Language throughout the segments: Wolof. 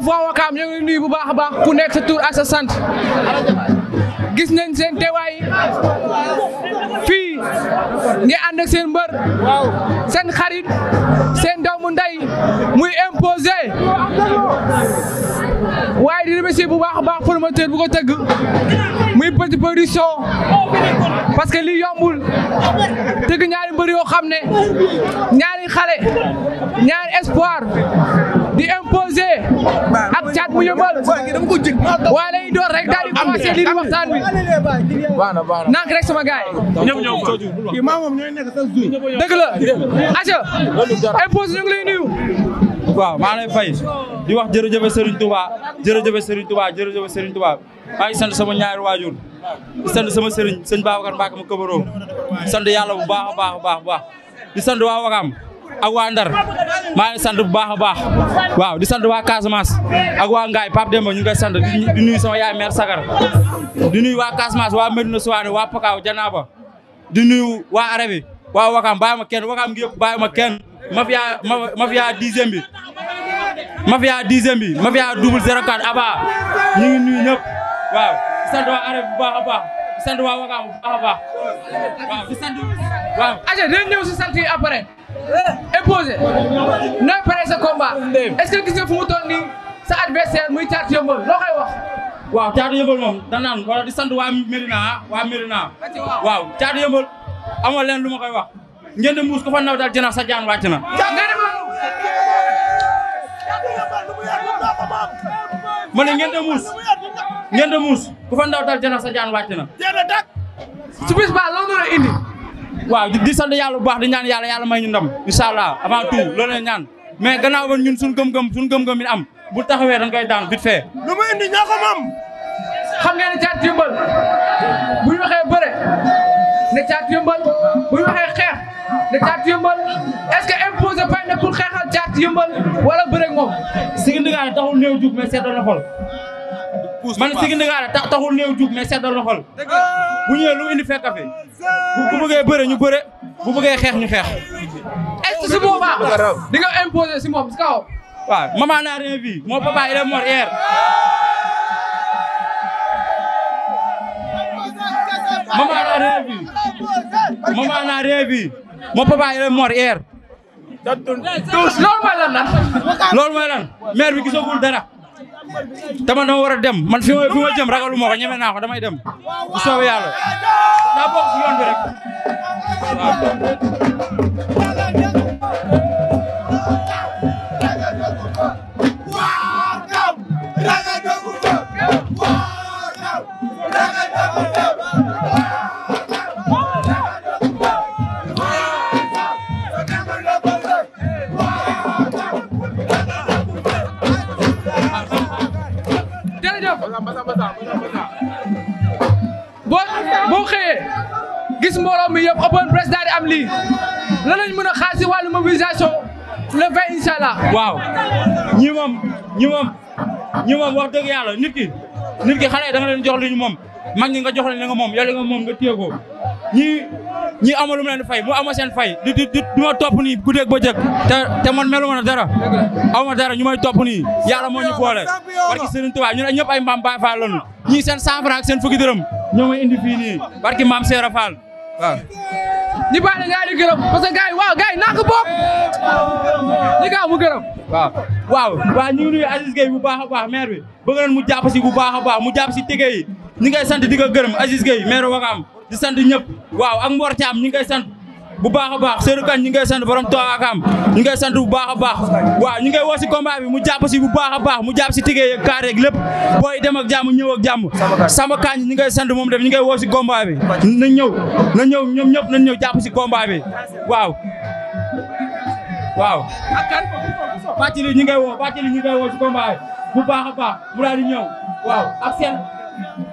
chef waa Wakaam ñoo ngi nuyu bu baax a baax ku nekk sa tur ak sa sant gis nañ seen teewaay fii ngeen ànd seen mbër seen xarit seen doomu ndey muy imposé waaye di remercier bu baax a baax promoteur bu ko tëgg muy petit production parce que lii yombul tëgg ñaari mbër yoo xam ne ñaari xale ñaari espoir di imposer ak caat mu yëmbal waa lay door rek daal di commencé lii di yi ñëpp ñëw ko maa moom ñooy nekk sa zuy dëgg la aca imposer ñu ngi lay nuyu waaw maa lay fay di wax jërëjëf Serigne Touba jërëjëf Serigne Touba jërëjëf Serigne Touba maa ngi sant sama ñaari waajur di sant sama sëriñ sëñ Babacar Mbacke yàlla bu baax baax a baax di sant ak waa Ndar maa ngi sant bu baax a baax waaw di sant waa Casamance ak waa Ngaye Pape Demba ñu ngi koy sant di nuyu sama yaay mère Sagar di nuyu waa Casamance waa Medina Souane waa Pakaaw Janaaba di nuyu waa Arabi waa Wakaam bàyyi ma kenn Wakaam gi yëpp ma kenn mafia mafia dixième bi mafia dixième bi mafia double zéro nuyu ñëpp waaw di sant waa Arabi bu baax a baax di sant waa Wakaam bu baax a baax waaw di sant waaw. aja dinañ ñëw si sant imposé eh, nooy pare sa combat est-ce que gis nga fu mu toll nii sa adversaire muy Thiatou Yeumbeul loo koy wax. waaw Thiatou Yeumbeul moom da naan wala di sant waa Médina waa Médina waaw Thiatou Yeumbeul amoo leen lu ma koy wax ngeen di muus ku fa naw daal jëna sa jaan wàcc na. ma ne ngeen di muus ngeen di muus ku fa ndaw daal jëna sa jaan wàcc na. su bis ba loolu la indi. waaw di sant yàlla bu baax di ñaan yàlla yàlla may ñu ndam incha allah avant tout ñaan mais gannaaw ba ñun suñu gëm-gëm suñu gëm-gëm mi am bu taxawee dañ koy daan vite fait. lu mu indi ñoo ko xam ngeen ne caat yëmbal bu ñu waxee bëre ne caat yëmbal bu ñu waxee xeex ne caat yëmbal est-ce que imposé fay na xeexal caat yëmbal wala bëre moom. si nga taxul néew jug mais seetoon xol. pousse man Sigi Ndakaar tax taxul néew jug mais seddal xol. bu lu indi fekk fi bu bëggee bëre ñu bëre bu bëggee xeex ñu xeex. est ce que boobaa di nga imposer si moom si kaw. waaw maman n'a rien vu mon papa il est mort hier. maman mooy lan lan. mooy lan maire bi gisagul dara. dama noo war a dem man fi ma fi ma jëm ragalu ma ko ñeme naa ko damay dem bu soobee yàlla daa bokk si yoon bi rek ñi moom ñi moom ñi moom wax dëgg yàlla nit ki nit ki xale yi da nga leen jox li ñu moom mag ñi nga jox leen moom yow li nga moom nga téye ko ñi ñi amul lu mu leen fay mu ama sen fay di di di ma topp nii guddeeg bëccëg te te man melu ma dara awma dara ñu may topp nii yàlla moo ñu boole barki Serigne Touba ñu ne ñëpp ay mbaam Baay Faal lañu ñii seen cent franc ak seen fukki dërëm ñoo may indi fii nii barki maam Seera Fall waaw ñi bàyyi la gërëm parce que waaw gars yi naa ko bokk mu gërëm waaw waaw waaw ñu ngi nuyu Aziz Gueye bu baax a baax maire bi bëgg nañ mu jàpp si bu baax a baax mu jàpp si tike yi ñu ngi sant di ko gërëm Aziz Gueye maire Wakaam di sant ñëpp waaw ak Mor Thiam ñu ngi koy sant bu baax a baax Seydou Kane ñu ngi koy sant borom Toakam ñu ngi koy sant bu baax a baax waaw ñu ngi koy woo si combat mu jàpp si bu baax a baax mu jàpp si tike yeeg kaar yeeg lépp booy dem ak jàmm ñëw ak jàmm sama kañ ñu ngi sant moom dem ñu ngi koy woo si combat bi na ñëw na ñëw ñoom ñëpp nañ ñëw jàpp si combat waaw waaw ak kan Bathily ñu ngay woo Bathily ñu ngay woo ci combat bu baax a baax mu daal di ñëw waaw ak seen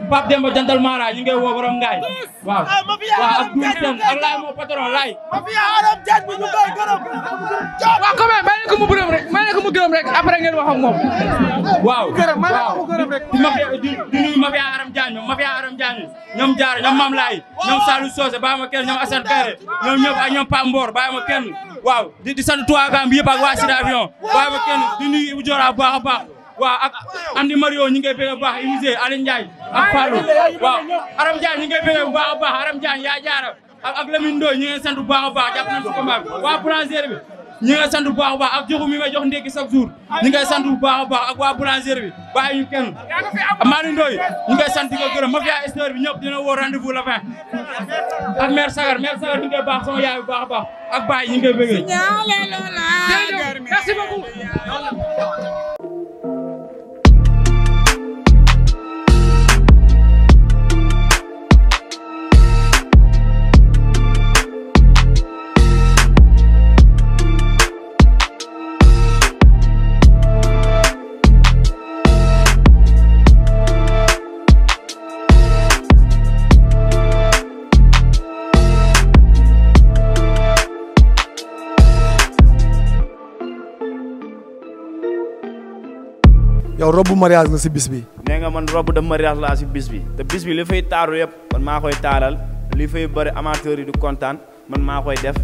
Pape Demba jantal Mara ñu ngi woo borom ngaay waaw ah, waaw a Doudou Sène ak laay moo patron laay waaw comme may leen ko mu gërëm rek may leen ko mu a rek après ngeen wax ak moom waaw waaw di mafia di nuyu mafia Aram Diagne mafia Aram Diagne ñoom jaar ñoom Mam Laay ñoom Salou Socé bàyyi ma kenn ñoom Assane Kare ñoom ñëpp ak ñoom Pa kenn waaw di sant tuwaakaan bi yëpp ak waa Sida Avion bàyyi ma kenn di nuyu Ibou Dior baax a baax waaw ak Andi Mario ñu ngi koy bëgg bu baax Ibise Aliou Ndiaye ak Fallou waaw Aram Ndiaye ñu ngi bu baax a baax Aram Ndiaye yaa jaara ak Lamine Ndoye ñu ngi baax a baax jàpp nañu si bi waa boulangerie bi ñu ngi sant bu baax a baax ak joxu mi jox ndékki chaque jour ñu ngi baax a baax ak waa boulangerie bi bàyyi ñu kenn Malick Ndoye ñu ngi sant di ko gërëm mafia extérieur bi ñëpp dina woo rendez-vous la fin ak mère Sagar mère Sagar ñu ngi koy baax sama yaay bu baax a baax ak Baye yow robu mariage la si bis bi. nee nga man robu de mariage laa si bis bi te bis bi li fay taaru yëpp man maa koy taaral li fay bëri amateurs yi du kontaan man maa koy def.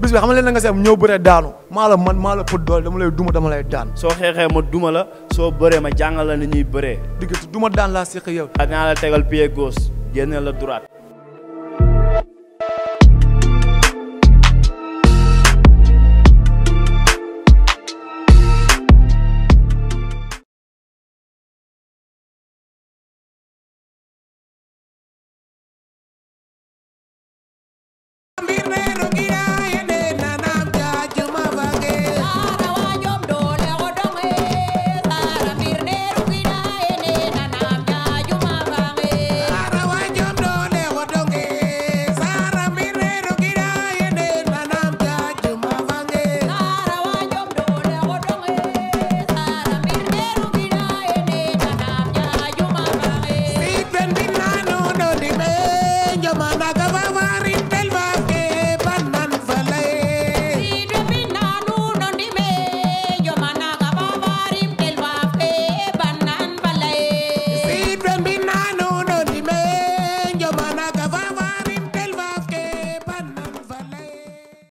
bis bi xam nga leen na nga si am ñëw bëree daanu maa la man maa la pët doole dama lay duma dama lay daan. soo xeexee ma duma la soo baree ma jàngal la ni ñuy bëree. diggante duma daan laa seq yow. dinaa la tegal pied gos génne la duraat